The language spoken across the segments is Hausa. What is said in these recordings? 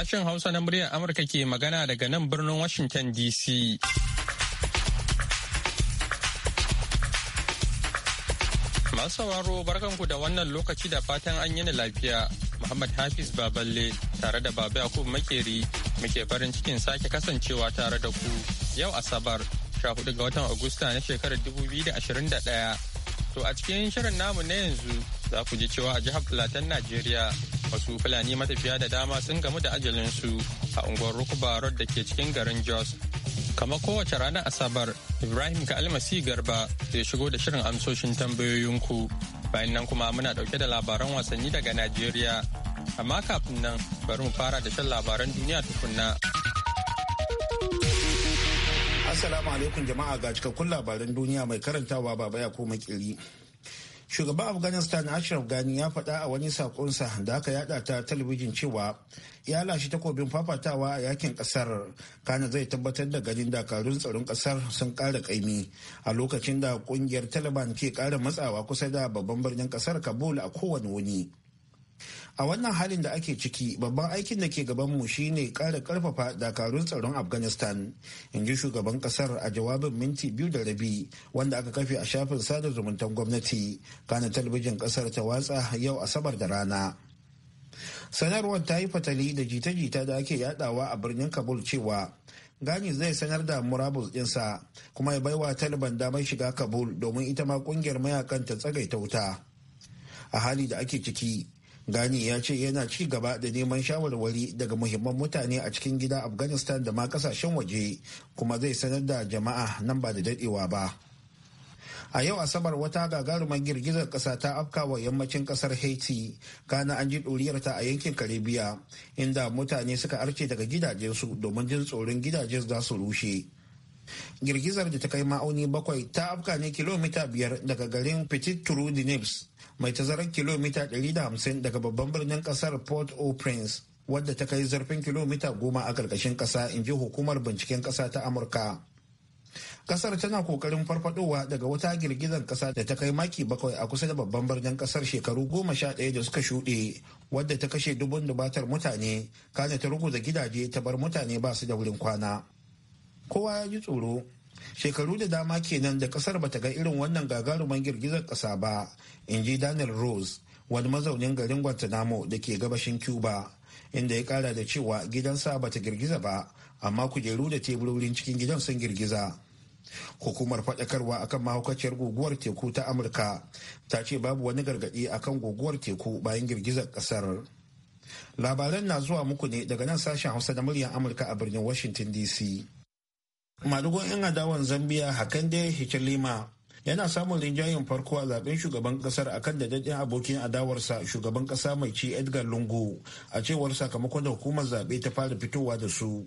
Sashen Hausa na muryar Amurka ke magana daga nan birnin Washington DC. Masu sauraro barkanku da wannan lokaci da fatan an yi lafiya. Muhammad Hafiz Baballe tare da Baba Yakubu Makeri muke farin cikin sake kasancewa tare da ku yau Asabar 14 ga watan Agusta na shekarar 2021. To a cikin shirin namu na yanzu za ku ji cewa a jihar Filatan Najeriya wasu Fulani matafiya da dama sun gamu da ajalinsu a unguwar Rukuba Road da ke cikin garin Jos. Kama kowace ranar Asabar, Ibrahim ka almasi garba zai shigo da shirin amsoshin tambayoyinku. Bayan nan kuma muna ɗauke da labaran wasanni daga Najeriya. Amma kafin nan bari mu fara da shan labaran duniya tukunna. Assalamu alaikum jama'a ga cikakkun labaran duniya mai karantawa baba ya koma kiri. Shugaban Afghanistan Ashraf Ghani ya faɗa a wani sakonsa da aka yada ta talabijin cewa ya lashe takobin fafatawa a yakin ƙasar kana zai tabbatar da ganin dakarun tsaron ƙasar sun ƙara ƙaimi a lokacin da ƙungiyar Taliban ke ƙara matsawa kusa da babban birnin ƙasar Kabul a kowane wuni. a wannan halin da ake ciki babban aikin da ke gabanmu shine kara karfafa dakarun tsaron afghanistan in ji shugaban kasar a jawabin minti biyu da rabi wanda aka kafe a shafin sada zumuntar gwamnati kana talabijin kasar ta watsa yau asabar da rana sanarwar ta yi fatali da jita-jita da ake yadawa a birnin kabul cewa gani zai sanar da murabus dinsa kuma ya baiwa taliban damar shiga kabul domin ita ma kungiyar mayakan ta tsagaita wuta a hali da ake ciki Gani ya ce yana ci gaba da neman shawarwari daga muhimman mutane a cikin gida Afghanistan da ma kasashen waje kuma zai sanar da jama'a nan ba da dadewa ba. A yau Asabar wata gagarumar girgizar ƙasa ta afka wa yammacin ƙasar Haiti, kana an ji ta a yankin Karibiya, inda mutane suka arce daga gidajensu domin jin tsoron gidajen za su rushe. girgizar da ta kai ma'auni bakwai ta afka ne kilomita biyar daga garin petit turu dinips mai tazarar kilomita 150 daga babban birnin kasar port au prince wadda ta kai zarfin kilomita goma a karkashin kasa in ji hukumar binciken kasa ta amurka kasar tana kokarin farfadowa daga wata girgizar kasa da ta kai maki bakwai a kusa da babban birnin kasar shekaru goma sha ɗaya da suka shuɗe wadda ta kashe dubun dubatar mutane kana ta ruguza gidaje ta bar mutane ba su da wurin kwana kowa ya ji tsoro shekaru da dama kenan da kasar bata ga irin wannan gagaruman girgizar kasa ba in ji daniel rose wani mazaunin garin guantanamo da ke gabashin cuba inda ya kara da cewa gidansa bata girgiza ba amma kujeru da teburorin cikin gidan sun girgiza hukumar faɗakarwa akan mahaukaciyar guguwar teku ta amurka ta ce babu wani gargaɗi akan guguwar teku bayan girgizar ƙasar labaran na zuwa muku ne daga nan sashen hausa da muryar amurka a birnin washington dc madugun 'yan adawan zambia hakande hichilima yana samun rinjayen farko a zaben shugaban kasar akan da daɗin abokin adawarsa shugaban kasa mai ci edgar lungu a cewar sakamakon da hukumar zaɓe ta fara fitowa da su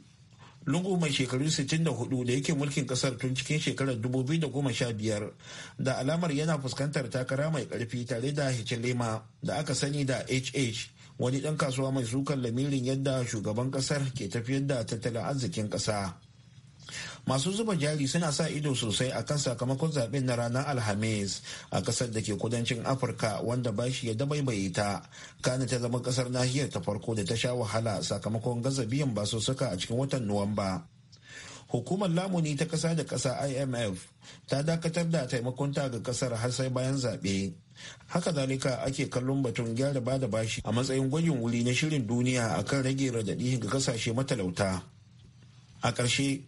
lungu mai shekaru 64 da yake mulkin kasar tun cikin shekarar 2015 da alamar yana fuskantar takara mai karfi tare da hichilema da aka sani da hh wani dan kasuwa mai sukan lamirin yadda shugaban kasar ke tafiyar da tattalin arzikin ƙasa. masu zuba jari suna sa ido sosai a kan sakamakon zaben na ranar alhamis a kasar da ke kudancin afirka wanda bashi ya dabaibaye ta kana ta zama kasar nahiyar ta farko da ta sha wahala sakamakon gaza biyan suka a cikin watan nuwamba hukumar lamuni ta kasa da kasa imf ta dakatar da taimakon ta ga kasar har sai bayan zaɓe haka zalika ake kallon batun gyara bada bashi a matsayin gwajin wuri na shirin duniya akan rage radadi ga kasashe matalauta a ƙarshe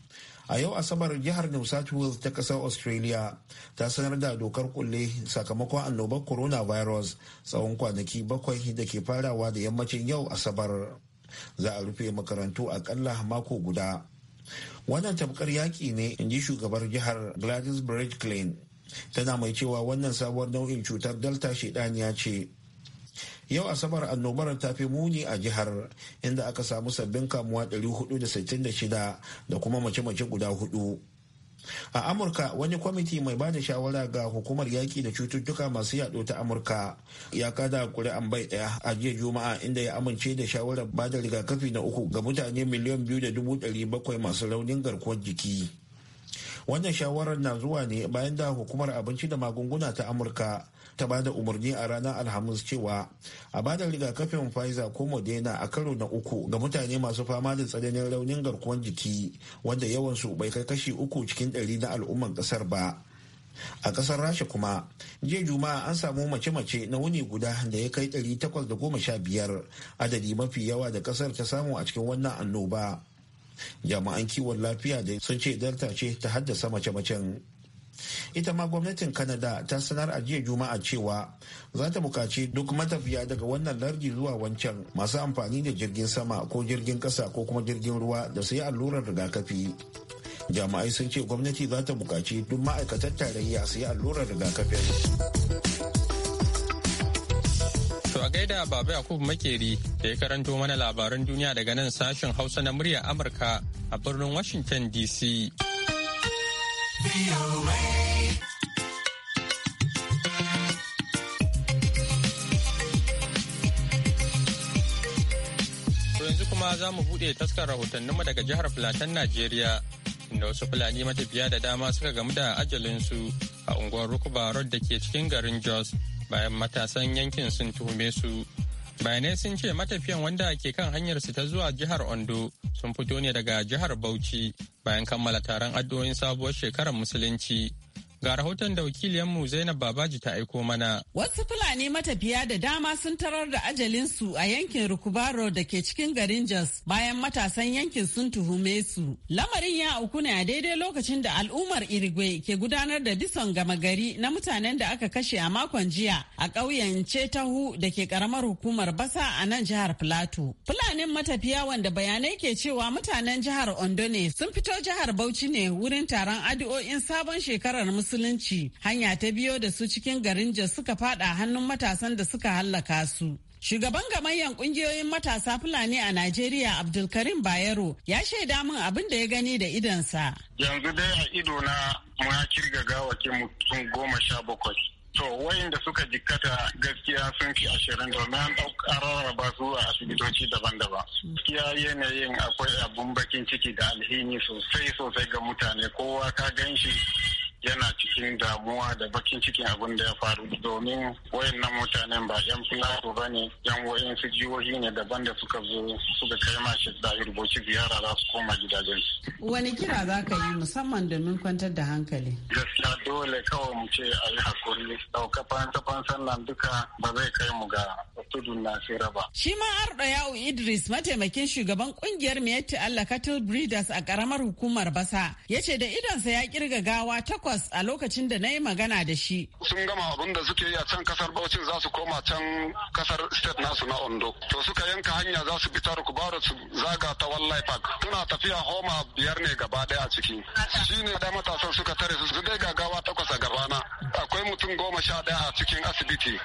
a yau asabar jihar new south wales ta kasar australia ta sanar da dokar kulle sakamakon annobar coronavirus tsawon kwanaki bakwai da ke farawa da yammacin yau asabar za a rufe makarantu akalla mako guda wannan tabkar yaƙi ne in ji shugabar jihar gladys bridge tana mai cewa wannan sabuwar nau'in cutar delta shedaniya ce yau asabar annobar ta fi muni a jihar inda aka samu sabbin kamuwa 466 da kuma mace-mace guda hudu a amurka wani kwamiti mai bada shawara ga hukumar yaƙi da cututtuka masu yaɗo ta amurka ya kada an bai ɗaya a jiya juma'a inda ya amince da shawarar ba da rigakafi na uku ga mutane miliyan biyu da dubu ɗari bakwai masu raunin garkuwar jiki wannan shawarar na zuwa ne bayan da hukumar abinci da magunguna ta amurka ta bada umarni a ranar alhamis cewa a bada rigakafin pfizer ko moderna a karo na uku ga mutane masu fama da tsananin raunin garkuwar jiki wanda yawansu bai kai kashi uku cikin ɗari na al'umman ƙasar ba a ƙasar rasha kuma jiya juma'a an samu mace-mace na wuni guda da ya kai ɗari takwas da goma sha biyar adadi mafi yawa da ƙasar ta samu a cikin wannan annoba jami'an kiwon lafiya da sun ce delta ce ta haddasa mace-macen ita ma gwamnatin canada ta sanar a jiya juma'a cewa za ta bukaci duk matafiya daga wannan lardi zuwa wancan masu amfani da jirgin sama ko jirgin kasa ko kuma jirgin ruwa da su yi allurar rigakafi jami'ai sun ce gwamnati za ta bukaci duk ma'aikatar tarayya su yi allurar rigakafin To a gaida Baba Yakubu Makeri da ya karanto mana labaran duniya daga nan sashen Hausa na muryar Amurka a birnin Washington DC. yanzu kuma za mu buɗe taskar mu daga jihar Filatan Najeriya inda wasu Fulani matafiya da dama suka gamu da ajalinsu a unguwar Rukuba Road da ke cikin garin Jos bayan matasan yankin sun tuhume su bayanai sun ce matafiyan wanda ke kan hanyarsu ta zuwa jihar ondo sun fito ne daga jihar bauchi bayan kammala taron addu'o'in sabuwar shekarar musulunci Ga rahoton da wakiliyanmu Zainab Babaji ta aiko mana. Wasu Fulani matafiya da dama sun tarar da ajalinsu a yankin Rukubaro da ke cikin garin Jos bayan matasan yankin sun tuhume su. Lamarin ya auku ne a daidai lokacin da al'ummar Irigwe ke gudanar da bison gama gari na mutanen da aka kashe a makon jiya a ƙauyen Cetahu da ke ƙaramar hukumar Basa a nan jihar Filato. Fulanin matafiya wanda bayanai ke cewa mutanen jihar Ondo ne sun fito jihar Bauchi ne wurin taron addu'o'in sabon shekarar musu musulunci hanya ta biyo da su cikin garin Jos suka fada hannun matasan da suka hallaka su. Shugaban gamayyan kungiyoyin matasa Fulani a Najeriya Abdulkarim Bayero ya shaida min abin da ya gani da idonsa. Yanzu dai a ido na muna kirga gawaki mutum goma sha bakwai. To wayanda suka jikkata gaskiya sun fi ashirin domin an rarraba su a asibitoci daban-daban. Gaskiya yanayin akwai abun bakin ciki da alhini sosai sosai ga mutane kowa ka gan shi yana cikin damuwa da bakin cikin abin da ya faru domin wayannan mutanen ba yan filato ba ne yan su jihohi ne daban da suka zo suka kai ma shi da rubuci ziyara za su koma gidajen wani kira za ka yi musamman domin kwantar da hankali gaskiya dole kawai mu ce a yi hakuri daukafansa safansan sannan duka ba zai kai mu ga tudun nasira ba shi ma arda yawo idris mataimakin shugaban kungiyar miyatti allah cattle breeders a karamar hukumar basa ya ce da idonsa ya kirga gawa takwas Lagos a lokacin da na yi magana da shi. Sun gama abin da suke yi a can kasar Bauchi za su koma can kasar state nasu na Ondo. To suka yanka hanya za su fita Rukubaro su zaga ta Wallai Park. Tuna tafiya Homa biyar ne gaba daya a ciki. Shi ne da matasan suka tare su dai gagawa takwas a gabana. Akwai mutum goma sha daya a cikin asibiti.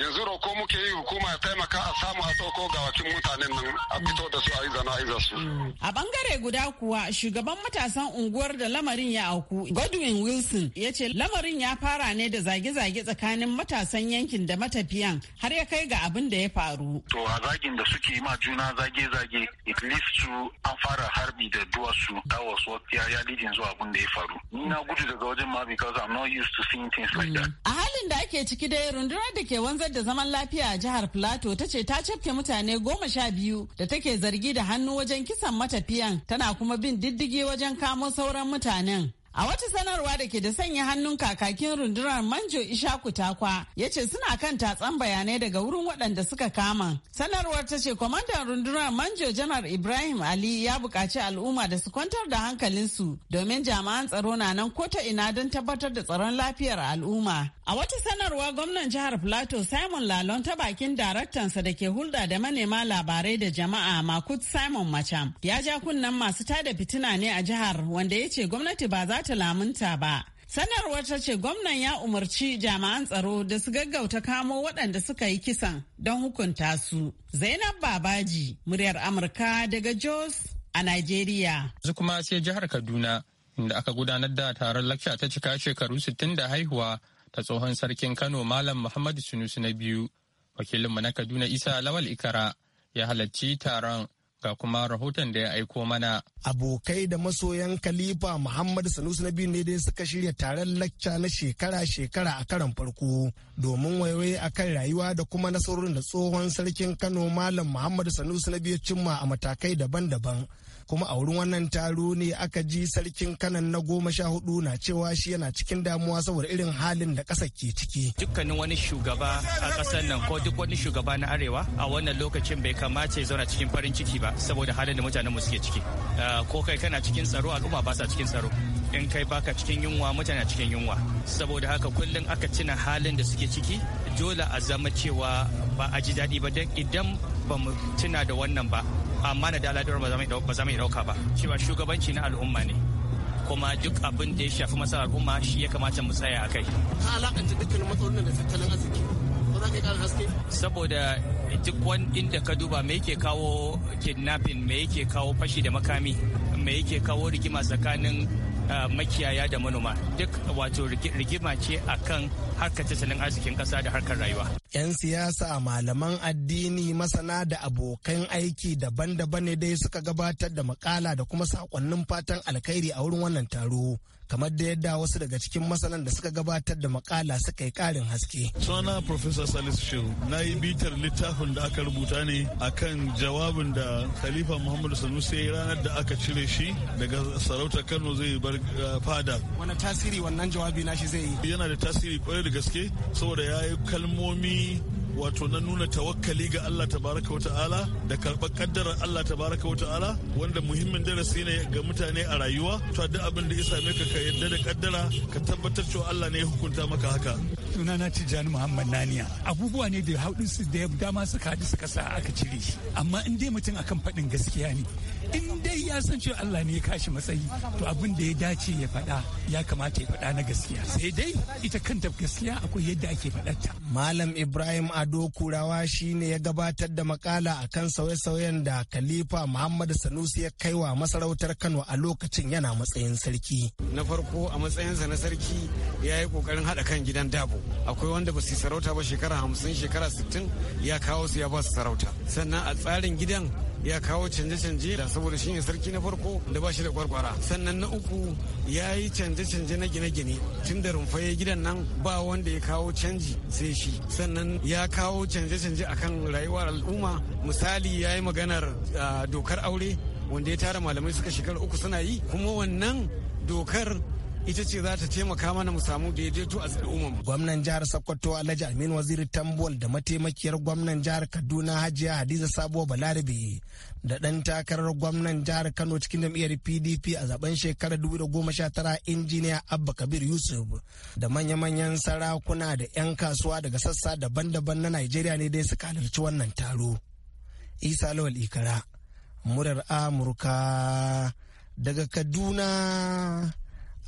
Yanzu roko muke yi hukuma ya taimaka a samu a tsoko wakin mutanen nan a fito da su a yi zana su. A bangare guda kuwa shugaban matasan unguwar da lamarin ya auku Godwin Wilson Wilson ya ce lamarin ya fara ne da zage-zage tsakanin matasan yankin da matafiyan har ya kai ga abin da ya faru. To a zagin da suke ma juna zage-zage it leads an fara harbi da duwatsu that was what ya ya zuwa abin da ya faru. Ni na gudu daga wajen ma because I'm not used to seeing things like that. A halin da ake ciki da rundunar da ke wanzar da zaman lafiya a jihar Plateau ta ce ta cafke mutane goma sha biyu da take zargi da hannu wajen kisan matafiyan tana kuma bin diddigi wajen kamo sauran mutanen. A wata sanarwa da ke da sanya hannun kakakin rundunar Manjo Ishaku Takwa ya ce suna kan tatsan bayanai daga wurin waɗanda suka kama. Sanarwar ta ce kwamandan rundunar Manjo Janar Ibrahim Ali ya buƙaci al'umma da su kwantar da hankalinsu domin jami'an tsaro na nan ko ta ina don tabbatar da tsaron lafiyar al'umma. A wata sanarwa gwamnan jihar Plateau Simon Lalon ta bakin daraktansa da ke hulɗa da manema labarai da jama'a Makut Simon Macham ya ja kunnen masu tada fitina ne a jihar wanda ya ce gwamnati ba za ta lamunta ba. Sanarwar ta ce gwamnan ya umarci jami'an tsaro da su gaggauta kamo waɗanda suka yi kisan don hukunta su. Zainab Babaji, muryar Amurka daga Jos a Najeriya. Yanzu kuma sai jihar Kaduna inda aka gudanar da taron lakca ta cika shekaru sittin da haihuwa ta tsohon sarkin Kano Malam Muhammadu sunusu na biyu. Wakilinmu na Kaduna Isa Lawal Ikara ya halarci taron ga kuma rahoton da ya aiko mana. Abokai da masoyan kalifa muhammadu sanus na biyu ne dai suka shirya taron lacca na shekara-shekara a karon farko domin waiwaye a kan rayuwa da kuma nasarorin da tsohon sarkin Kano Malam muhammadu sanus na biyu cimma a matakai daban-daban. kuma a wurin wannan taro ne aka ji sarkin kanan na goma sha hudu na cewa shi yana cikin damuwa saboda irin halin da ƙasa ke ciki dukkanin wani shugaba a ƙasar nan ko duk wani shugaba na arewa a wannan lokacin bai kamata ya zauna cikin farin ciki ba saboda halin da mutanen mu suke ciki ah, ko kai kana cikin tsaro al'umma ba sa cikin tsaro in kai baka cikin yunwa mutane cikin yunwa saboda haka kullum aka cina halin da suke ciki dole a zama cewa ba a ji daɗi ba don idan ba mu tuna da wannan ba amma na da aladar ba za mu dauka ba cewa shugabanci na al'umma ne kuma duk abin da ya shafi masarar al'umma shi ya kamata mu tsaya a kai. Ka alakanta dukkanin matsalolin da tattalin arziki. Saboda duk wani inda ka duba me yake kawo kidnapping me yake kawo fashi da makami me yake kawo rigima tsakanin Eh, makiyaya da manoma duk wato rigima ce a kan harkar tattalin arzikin ƙasa da harkar rayuwa. 'Yan siyasa malaman addini masana da abokan aiki daban-daban ne dai suka gabatar da makala da kuma sakonnin fatan alkhairi a wurin wannan taro. kamar da yadda wasu daga cikin masanan da suka gabatar da makala suka yi karin haske. Suna Professor Salisu Shehu na yi bitar littafin da aka rubuta ne a kan jawabin da Khalifa Muhammadu Sanusi ranar da aka cire shi daga sarautar Kano zai bar uh, fada. Wani tasiri wannan jawabi nashi zai yi? Yana da tasiri kwarai da gaske saboda ya yi kalmomi wato na nuna tawakkali ga Allah tabaraka wa ta'ala da karɓar kaddarar Allah tabaraka wa ta'ala wanda muhimmin darasi ne ga mutane a rayuwa to duk abin da ya same ka ka yarda da kaddara ka tabbatar cewa Allah ne ya hukunta maka haka sunana Tijjani Muhammad Naniya abubuwa ne da haɗin su da dama suka haɗu suka sa aka cire shi amma in dai mutum akan faɗin gaskiya ne in dai ya san cewa Allah ne ya kashi matsayi to abin da ya dace ya faɗa ya kamata ya faɗa na gaskiya sai dai ita kanta gaskiya akwai yadda ake faɗarta Malam Ibrahim Ado ado kurawa shi ne ya gabatar da makala kan sauye-sauyen da khalifa Muhammadu sanusi ya kai wa masarautar kano a lokacin yana matsayin sarki na farko a matsayinsa na sarki ya yi kokarin haɗa kan gidan dabo akwai wanda ba su sarauta ba shekara hamsin shekara sittin ya kawo su ya ba su sarauta sannan a tsarin gidan ya kawo canje-canje da saboda shine sarki na farko da ba shi da kwarkwara sannan na uku ya yi canje-canje na gine-gine tun da rumfaye gidan nan ba wanda ya kawo canji sai shi sannan ya kawo canje-canje akan rayuwar al'umma misali ya yi maganar dokar aure wanda ya tara malamai suka shekaru uku suna yi kuma wannan dokar ita ce za ta taimaka mana mu samu daidaito a al'umma. Gwamnan jihar Sokoto Alhaji Aminu Waziri Tambol da mataimakiyar gwamnan jihar Kaduna Hajiya Hadiza Sabo Balarabe da dan takarar gwamnan jihar Kano cikin jam'iyyar PDP a zaben shekarar sha tara injiniya Abba Kabir Yusuf da manya-manyan sarakuna da 'yan kasuwa daga sassa daban-daban na Najeriya ne dai suka halarci wannan taro. Isa Lawal Ikara, murar Amurka daga Kaduna.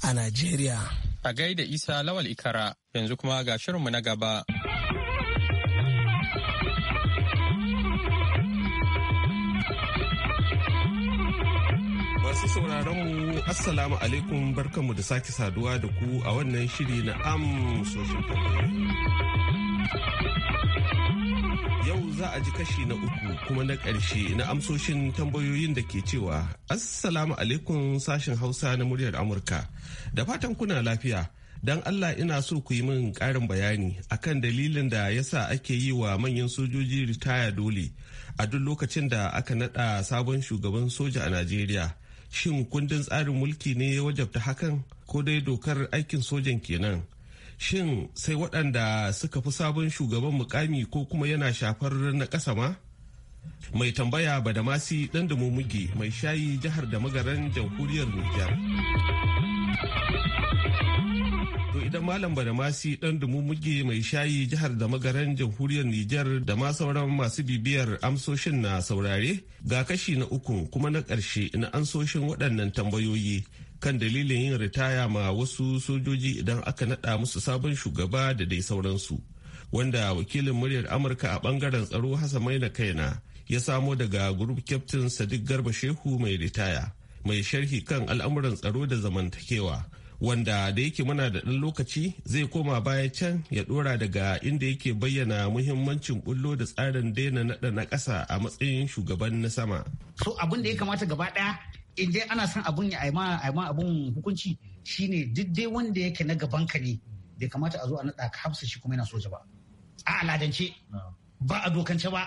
a Najeriya. A gaida Isa Lawal Ikara yanzu kuma ga shirinmu na gaba. Masu sauraronmu Assalamu alaikum barkanmu da sake saduwa da ku a wannan shiri na amsoshin tambayoyi. Yau za a ji kashi na uku kuma na ƙarshe na amsoshin tambayoyin da ke cewa Assalamu alaikum sashen Hausa na muryar Amurka. Da fatan kuna lafiya, don Allah ina so ku yi min ƙarin bayani akan dalilin da ya sa ake yi wa manyan sojoji ritaya dole a duk lokacin da aka naɗa sabon shugaban soja a Najeriya. Shin kundin tsarin mulki ne ya wajabta hakan ko dai dokar aikin sojan kenan? shin sai waɗanda suka fi sabon shugaban mukami ko kuma yana shafar na ƙasa ma? Mai tambaya Badamasi ɗan da mumuge mai shayi jihar da magaran jamhuriyar Nijar. To idan Malam Badamasi ɗan da mumuge mai shayi jihar da magaran jamhuriyar Nijar da ma sauran masu bibiyar amsoshin na saurare ga kashi na uku kuma na ƙarshe na amsoshin waɗannan tambayoyi. kan dalilin yin ritaya ma wasu sojoji idan aka naɗa musu sabon shugaba da dai sauransu wanda wakilin muryar amurka a bangaren tsaro hasa maina kaina ya samo daga group captain sadiq garba shehu mai ritaya mai sharhi kan al'amuran tsaro da zamantakewa wanda da yake muna da ɗan lokaci zai koma baya can ya ɗora daga inda yake bayyana muhimmancin bullo da tsarin daina naɗa na ƙasa a matsayin shugaban na sama. So abin da ya kamata gaba ɗaya in dai ana son abun ya aima abun hukunci shine duk dai wanda yake na gaban ka ne bai kamata a zo a naɗa ka hafsa shi kuma yana soja ba a aladance ba a dokance ba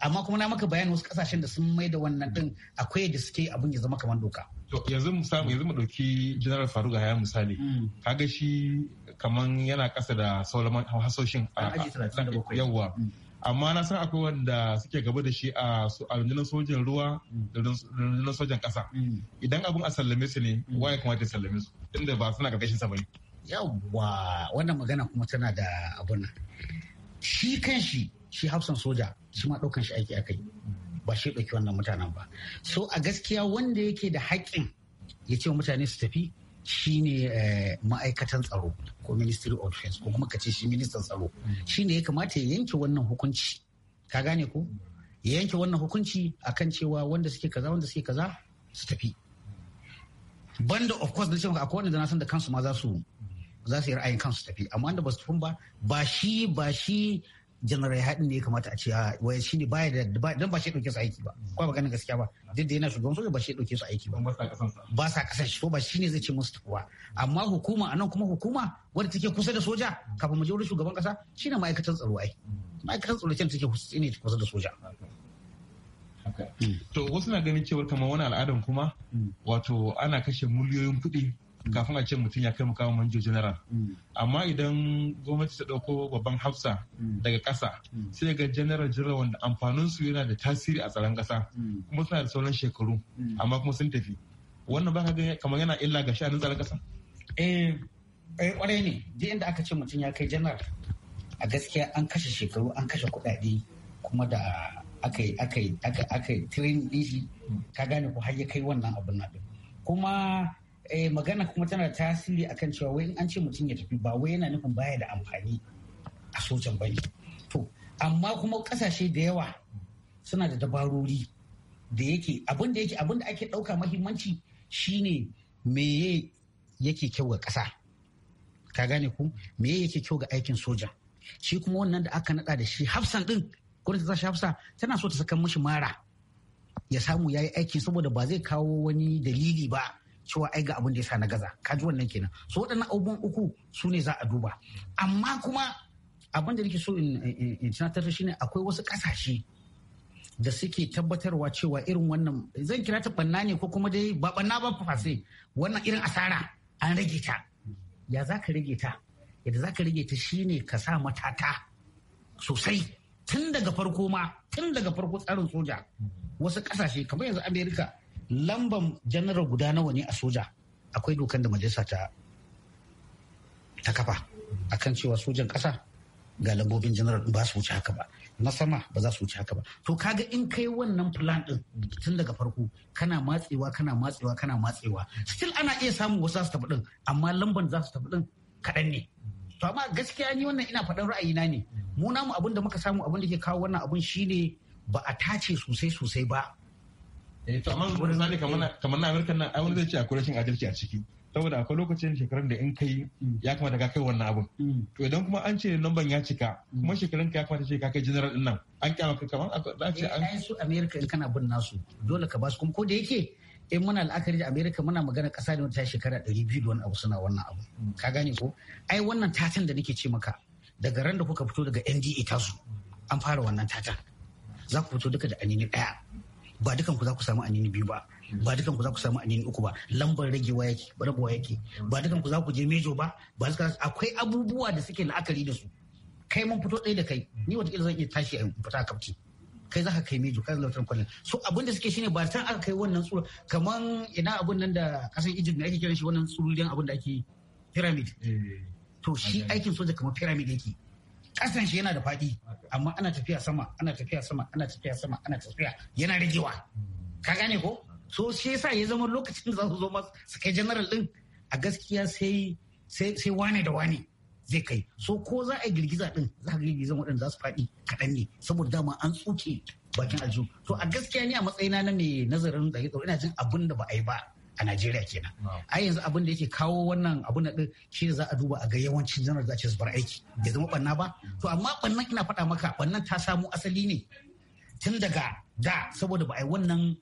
amma kuma na maka bayani wasu kasashen da sun mai da wannan din akwai da suke abin ya zama kamar doka. yanzu samu, yanzu mu dauki general faruk haya misali mm. kaga shi kaman yana kasa da solomon hasoshin a yawa mm. amma na san akwai wanda suke gaba da shi a rundunar sojan ruwa da rundunar sojan kasa mm. idan abin a sallame su ne mm. wa ya kamata ya sallame su inda ba suna karkashin sa yawwa wannan magana kuma tana da abun nan shi kan shi shi hafsan soja shi ma ɗaukan shi aiki akai ba shi ɗauki wannan mutanen ba so a gaskiya wanda yake da haƙƙin ya ce mutane su tafi shine eh, ma'aikatan tsaro ko ministry of defense ko kuma ka ce shi ministan tsaro shine ya kamata ya yanke wannan hukunci ka gane ko ya yanke wannan hukunci akan cewa wanda suke kaza wanda suke kaza su tafi banda of course da cewa akwai wanda na san da kansu ma za su za su yi ra'ayin kansu tafi amma wanda ba su tafi ba ba shi ba shi general ya haɗin ne ya kamata a ce ah, waya shi ne baya da don ba shi ɗauke su aiki ba kuma ba ganin gaskiya ba duk da yana shugaban soja ba shi ɗauke su aiki ba ba sa ƙasar shi ba shi ne zai ce musu tafiwa amma hukuma a nan kuma hukuma wadda take kusa da soja kafin mu je wurin shugaban ƙasa shi ne ma'aikatan tsaro ai ma'aikatan tsaro ce take kusa da soja. To wasu na ganin cewar kamar wani al'adan kuma hmm. wato ana kashe miliyoyin kuɗi kafin a ce mutum ya kai mukamin manjo general mm. amma idan gwamnati ta dauko babban hafsa mm. daga kasa mm. sai ga general general wanda amfanin su yana da tasiri a tsaron kasa kuma suna da sauran shekaru amma kuma sun tafi wannan ba ka ga kamar yana illa ga sha'anin tsaron kasa eh kwarai ne duk inda aka ce mutum ya kai general a gaskiya an kashe shekaru an kashe kuɗaɗe kuma da aka yi aka yi aka yi ka gane ko har ya kai wannan abin na kuma eh, magana kuma tana da tasiri akan cewa wai an ce mutum ya tafi ba wai yana nufin baya da amfani a sojan bane to amma kuma kasashe da yawa suna da dabarori da yake abin da yake abin da ake ɗauka mahimmanci shine meye yake kyau ga ƙasa ka gane ku meye yake kyau ga aikin soja shi kuma wannan da aka naɗa da shi hafsan ɗin gwamnati ta hafsa tana so ta saka mishi mara ya samu ya yi aiki saboda ba zai kawo wani dalili ba cewa ai ga abin da ya sa na gaza kaji wannan kenan so waɗannan abubuwan uku su ne za a duba amma kuma abin da nake so in tunatar da shine akwai wasu kasashe da suke tabbatarwa cewa irin wannan zan kira ta banna ne ko kuma dai ba banna ba wannan irin asara an rage ta ya za ka rage ta yadda za ka rage ta shine ka sa matata sosai tun daga farko ma tun daga farko tsarin soja wasu kasashe kamar yanzu amerika lamban janaral guda nawa ne a soja akwai dokan da majalisa ta ta kafa akan cewa sojan kasa ga lambobin janaral ba su wuce haka ba na sama ba za su wuce haka ba to kaga in kai wannan plan din tun daga farko kana matsewa kana matsewa kana matsewa still ana iya samun wasu su tafi din amma lamban za su tafi din kaɗan ne to amma gaskiya ni wannan ina faɗan ra'ayina ne mu namu abin da muka samu abin da ke kawo wannan abin shine ba a tace sosai sosai ba Eh, to amma eh. kamar na Amurka ai wani zai ce a rashin adalci a ciki saboda akwai lokacin shekarun da in kai mm. ya kamata ka kai wannan abun mm. to idan kuma an ce lamban ya cika mm. kuma shekarun ka ya kamata ce ka kai general din nan an kyama ka kamar da ce eh, an ai su amerika in kana bin nasu dole ka ba su kuma ko da yake in muna la'akari da amerika muna magana kasa da wata shekara 200 da wani abu suna wannan abu ka gane ko ai wannan tatan da nake ce maka daga ran da kuka fito daga NDA tasu an fara wannan tatan za ku fito duka da anini daya ba dukan ku za ku samu anini biyu ba ba dukan ku za ku samu anini uku ba lambar ragewa yake rabuwa yake ba dukan ku za ku je mejo ba ba akwai abubuwa da suke la'akari da su kai mun fito ɗaya da kai ni wataƙila zan iya tashi a fita a kafci kai za ka kai mejo kai zan kwanan so abin da suke shine ba da aka kai wannan tsura kaman ina abin nan da kasan Egypt ne ake kiran shi wannan tsururin abin da ake pyramid eh. to shi aikin soja kamar pyramid yake kasan shi yana da faɗi amma ana tafiya sama ana tafiya sama ana tafiya sama ana tafiya yana ragewa hmm. ka gane ko so shi yasa ya zama lokacin da za su zo masu su kai general din a gaskiya sai sai wane da wane zai kai so ko za a girgiza din za a girgiza waɗanda za su faɗi kaɗan ne saboda dama an tsuke bakin aljihu to a gaskiya ni a matsayina na mai nazarin da ina jin abin da ba a yi ba a Najeriya kenan. Ai yanzu abin da yake kawo wannan abin da shi za a duba a ga yawancin janar da ake zubar aiki bai zama banna ba. To amma bannan ina faɗa maka bannan ta samu asali ne tun daga da saboda ba a yi wannan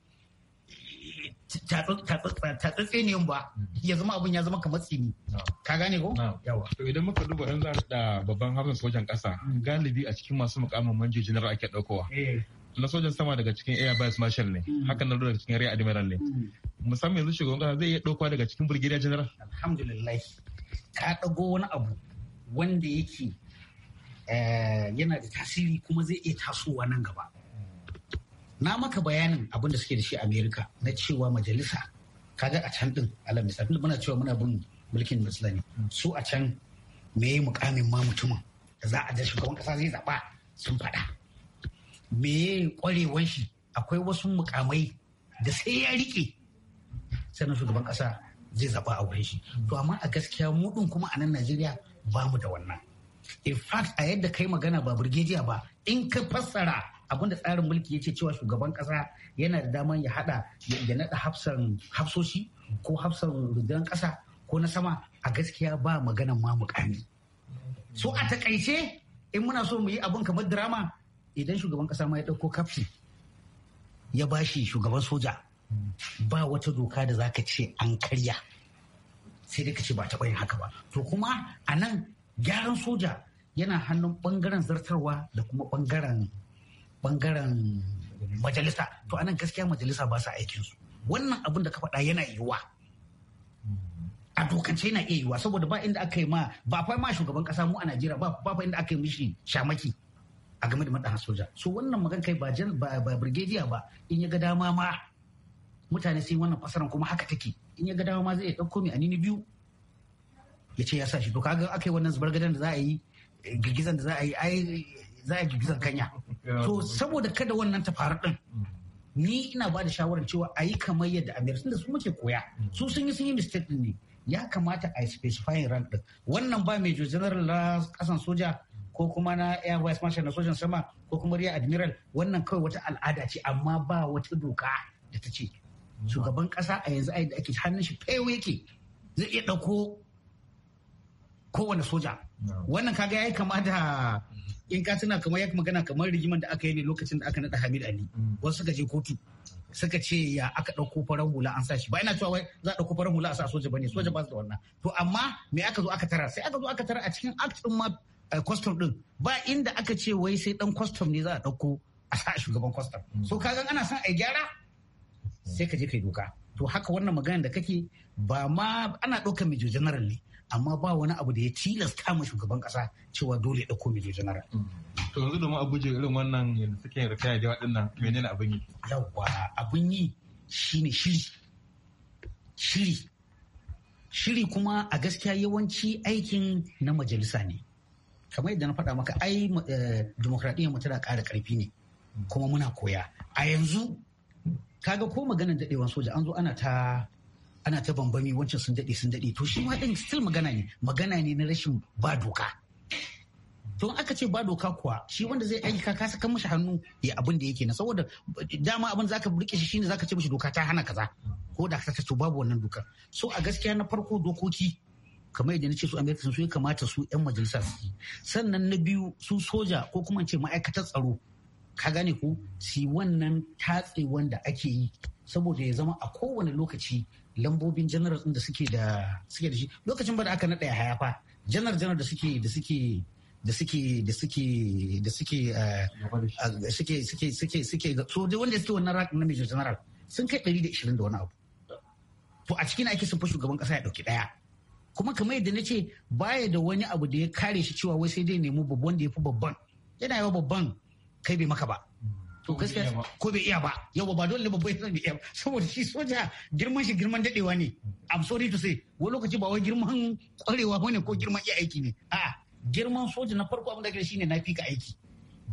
tatsatseniyar ba ya zama abin ya zama kamar tsini ka gane ko yawa to idan muka duba yan za da babban harin sojan kasa mm. galibi a cikin masu mukamin manjo jinar ake ɗaukowa eh. na sojan sama daga cikin air vice marshal ne hmm. hakan na daga cikin rear admiral ne hmm. musamman yanzu shugaban kasa zai iya ɗauka daga cikin brigadier general alhamdulillah ka dago wani abu wanda yake eh, yana da tasiri kuma zai iya tasowa nan gaba na maka bayanin abin da suke da shi america na cewa majalisa kaga a can din alal misali muna cewa muna bin mulkin ne hmm. su a can me yi mukamin ma mutumin da za a da shugaban kasa zai zaba sun faɗa meye kwarewan shi akwai wasu mukamai da sai ya rike sannan shugaban kasa zai zaba a wurin shi to amma a gaskiya mu din kuma a nan Najeriya ba mu da wannan in fact a yadda kai magana ba burgejiya ba in ka fassara abinda tsarin mulki ya ce cewa shugaban kasa yana da daman ya hada ya nada hafsan hafsoshi ko hafsan rundunar kasa ko na sama a gaskiya ba magana ma mukami so a takaice in muna so mu yi abin kamar drama idan shugaban kasa ma ya dauko kaftin ya bashi shugaban soja ba wata doka da zaka ce an karya sai dai ka ce ba taɓa yin haka ba to kuma a nan gyaran soja yana hannun bangaren zartarwa da kuma bangaren bangaren majalisa to anan gaskiya majalisa ba aikin su. wannan abin da ka faɗa yana yiwuwa a dokance yana iya yiwuwa saboda ba inda aka yi ma ba fa ma shugaban kasa mu a Najeriya ba ba inda aka yi mishi shamaki a game da maɗan soja su wannan magan kai ba ba ba in ya ga dama ma mutane sai wannan fasaran kuma haka take in ya ga dama ma zai ɗauko mai anini biyu ya ce ya sa shi to kaga aka yi wannan zubar gadan da za a yi girgizan da za a yi ai za a girgizan kanya so saboda kada wannan ta faru din ni ina ba da shawarar cewa a yi kamar yadda amerika da su muke koya su sun yi sun yi mistake din ne ya kamata a yi specifying rank din wannan ba major general na kasan soja ko kuma na air vice marshal na sojan sama ko kuma rear admiral wannan kawai wata al'ada ce amma ba wata doka da ta ce shugaban kasa a yanzu da ake hannun shi fewe yake zai iya ɗauko kowane soja wannan kaga yayi kama da in ka tuna kamar ya magana kamar rigiman da aka yi ne lokacin da aka naɗa Hamid Ali wasu suka je kotu suka ce ya aka ɗauko farar hula an sa shi ba ina cewa wai za a ɗauko farar hula a sa soja bane soja ba su da wannan to amma me aka zo aka tara sai aka zo aka tara a cikin act din ma kwastom eh, din ba inda aka ce wai sai dan kwastom ne za a ɗauko a sa shugaban kwastom so kaga ana son a gyara sai ka je kai doka to haka wannan magana da kake ba ma ana ɗaukar major general ne amma ba wani abu da ya tilasta ma shugaban kasa cewa dole ya ɗauko major general. Mm. to yanzu domin abuja irin wannan yanzu suke rikaya da waɗannan menene abin yi. yawa abin yi shine shiri shiri shiri kuma a gaskiya yawanci aikin na majalisa ne kamar yadda na faɗa maka ai eh, demokradiyyar mu tana ƙara ƙarfi ne kuma muna koya a yanzu ka ga ko maganar daɗewan soja an zo ana ta ana ta bambami wancan sun daɗe sun daɗe to shi ma ɗin still magana ne magana ne na rashin ba doka don aka ce ba doka kuwa shi wanda zai aiki ka kasa kan mashi hannu ya abin da yake na saboda dama abin zaka burke shi shine zaka ce mashi doka ta hana kaza ko da ka to babu wannan doka. so a gaskiya na farko dokoki kamar yadda na ce su amerika su ya kamata su 'yan majalisa su sannan na biyu su soja ko kuma ce ma'aikatar tsaro ka gane ko si wannan tatse wanda ake yi saboda ya zama a kowane lokaci lambobin janar da suke da suke da shi lokacin ba da aka naɗa ya hayafa janar janar da suke da suke da suke da suke da suke eh, suke suke suke suke so dai wanda suke wannan rakin na major general sun kai 120 da wani abu to a cikin ake sun fi shugaban kasa ya dauki daya kuma kamar yadda na ce baya da wani abu da ya kare shi cewa wai sai dai nemi babban da ya fi babban yana yawa babban kai bai maka ba to gaskiya ko bai iya ba yawa ba dole babban ya bai iya ba saboda shi soja girman shi girman dadewa ne i'm sorry to say wani lokaci ba wai girman kwarewa bane ko girman iya aiki ne a'a girman soja na farko abin da kake shine na fi ka aiki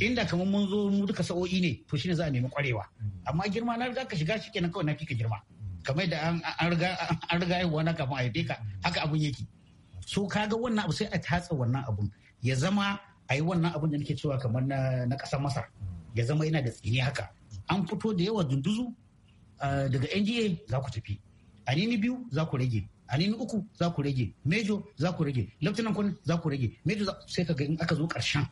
inda kamar mun zo mu duka sa'o'i ne to shine za a nemi kwarewa amma girma na riga ka shiga shikenan kawai na fi ka girma kamar da an riga yi wani kama haife ka haka abun yake so kaga wannan abu sai a tatsa wannan abun ya zama a yi wannan abun da nake cewa kamar na ƙasar masar ya zama yana da tsini haka an fito da yawa dunduzu daga nga za ku tafi A nini biyu za ku rage A nini uku za ku rage mejo za ku rage lieutenant colonel za ku rage mejo sai ka ga in aka zo ƙarshen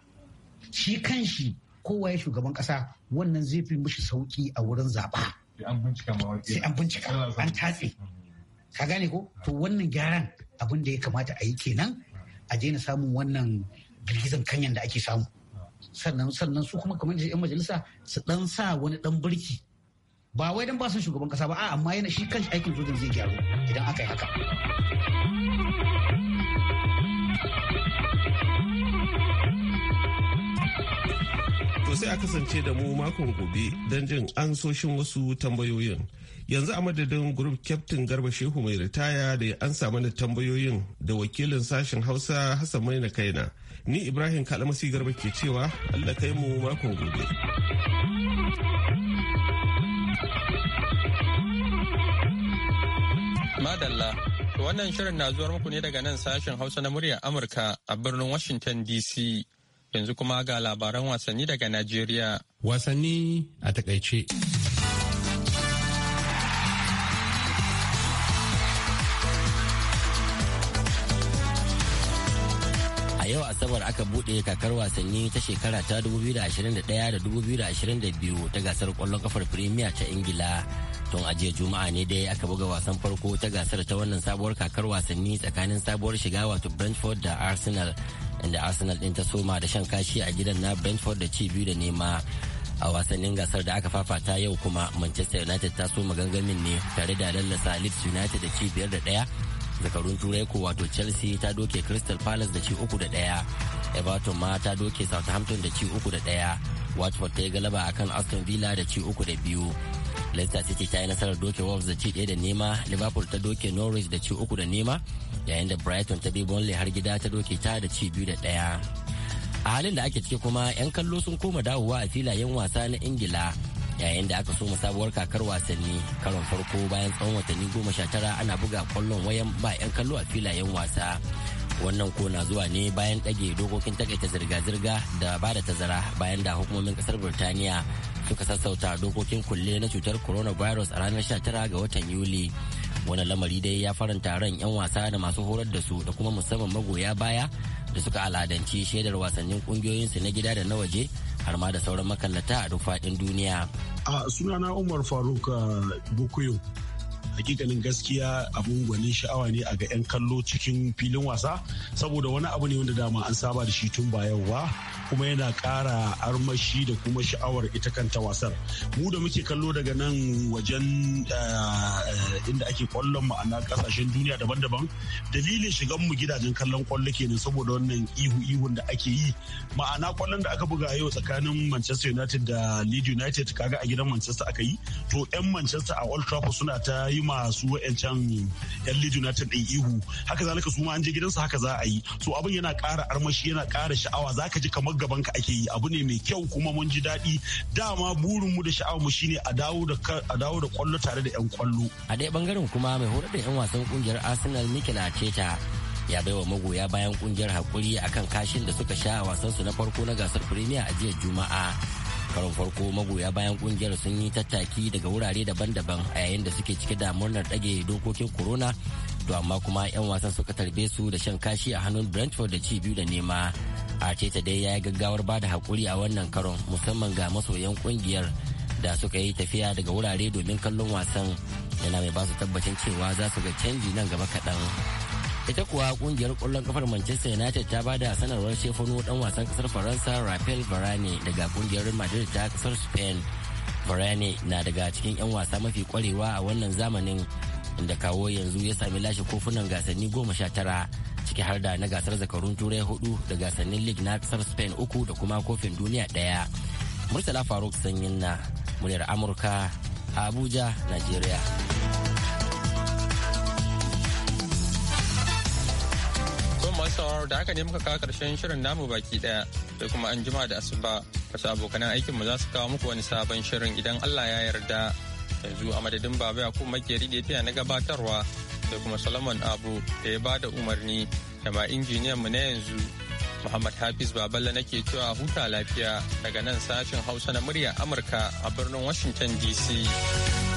shi kan shi kowa ya shugaban ƙasa wannan zai fi mishi sauki a wurin zaɓa. sai an bincika an tatse ka gane ko to wannan gyaran abin da ya kamata a yi kenan a daina samun wannan girgizan kanyan da ake samu sannan sannan su kuma kamar yan majalisa su dan sa wani dan birki ba wai dan ba su shugaban kasa ba a amma yana shi kan aikin sojan zai gyaru idan aka yi haka To sai a kasance da mu makon gobe don jin ansoshin wasu tambayoyin. Yanzu a madadin grup Captain Garba Shehu mai ritaya da ya ansa mana tambayoyin da wakilin sashen Hausa Hassan Maina Kaina. Ni Ibrahim Kalamasi Garba ke cewa Allah kai mu makon gobe. Madalla, wannan shirin na zuwar muku ne daga nan sashen Hausa na muryar Amurka a birnin Washington DC. Yanzu kuma ga labaran wasanni daga Najeriya. Wasanni a takaice. A yau Asabar aka buɗe kakar wasanni ta shekara ta 2021 da 2022 ta gasar ƙwallon kafar Premier ta Ingila. Tun a jiya Juma'a ne dai aka buga wasan farko ta gasar ta wannan sabuwar kakar wasanni tsakanin sabuwar shiga wato Brentford da Arsenal inda arsenal din ta soma da shan kashi a gidan na brentford da ci biyu da nema a wasannin gasar da aka fafata yau kuma manchester united ta soma gangamin ne tare da lallasa leeds united da ci biyar da daya zakarun turai ko wato chelsea ta doke crystal palace da ci uku da daya everton ma ta doke southampton da ci uku da daya watford ta yi galaba akan aston villa da ci uku da biyu leicester city ta yi nasarar doke wolves da ci ɗaya da nema liverpool ta doke norwich da ci uku da nema yayin da brighton ta bi burnley har gida ta doke ta da ci biyu da ɗaya a halin da ake ciki kuma 'yan kallo sun koma dawowa a filayen wasa na ingila yayin da aka soma sabuwar kakar wasanni karon farko bayan tsawon watanni goma sha tara ana buga kwallon wayan ba 'yan kallo a filayen wasa wannan ko na zuwa ne bayan ɗage dokokin takaita zirga-zirga da ba da tazara bayan da hukumomin kasar birtaniya suka sassauta dokokin kulle na cutar coronavirus a ranar 19 ga watan yuli wani lamari dai ya faranta ran 'yan wasa da masu horar da su da kuma musamman magoya baya da suka aladanci shaidar wasannin kungiyoyinsu na gida da na waje har ma da sauran makallata a duk duniya. a sunana umar faruk uh, bukuyo hakikanin gaskiya abun gwanin sha'awa ne a ga 'yan kallo cikin filin wasa saboda wani abu ne wanda dama an saba da shi tun ba yau ba kuma yana ƙara armashi da kuma sha'awar ita kanta wasar mu da muke kallo daga nan wajen eh, inda ake kwallon ma'ana kasashen duniya daban-daban dalilin shigan mu gidajen kallon kwallo kenan saboda wannan ihu-ihun da ake yi ma'ana kwallon da aka buga yau tsakanin manchester united da leeds united kaga a gidan manchester aka yi to 'yan manchester a old trafford suna ta yi masu wa'ancan 'yan leeds united ɗin ihu haka zalika su ma an je gidansu haka za a yi so abin yana ƙara armashi yana ƙara sha'awa zaka ji kamar gaban ka ake yi abu ne mai kyau kuma mun ji daɗi dama burinmu da sha'awar mu shine a dawo da kwallo tare da yan kwallo a ɗaya bangaren kuma mai horar da yan wasan kungiyar Arsenal Mikel Arteta ya bai wa magoya bayan kungiyar hakuri akan kashin da suka sha a wasan su na farko na gasar Premier a jiya Juma'a karon farko magoya bayan ƙungiyar sun yi tattaki daga wurare daban-daban a yayin da suke cike da murnar ɗage dokokin corona to amma kuma 'yan wasan suka tarbe su da shan kashi a hannun brentford da ci biyu da nema arteta dai ya yi gaggawar ba da haƙuri a wannan karon musamman ga masoyan kungiyar da suka yi tafiya daga wurare domin kallon wasan yana mai basu tabbacin cewa za su ga canji nan gaba kaɗan ita kuwa kungiyar ƙwallon kafar manchester united ta ba da sanarwar shefano dan wasan kasar faransa rafael varane daga kungiyar madrid ta kasar spain varane na daga cikin 'yan wasa mafi kwarewa a wannan zamanin inda kawo yanzu ya sami lashe kofunan gasanni goma sha tara ciki har da na gasar zakarun turai hudu da gasannin league na kasar spain uku da kuma kofin duniya daya murtala faruk sanyin na muryar amurka a abuja nigeria sauraro da aka ne muka kawo karshen shirin namu baki daya sai kuma an jima da asuba wasu abokanan aikinmu za su kawo muku wani sabon shirin idan allah ya yarda yanzu a madadin baba ya kuma makeri da ya na gabatarwa sai kuma solomon abu da ya ba da umarni da ma injiniyan mu na yanzu muhammad hafiz baballa nake cewa huta lafiya daga nan sashen hausa na murya amurka a birnin washington dc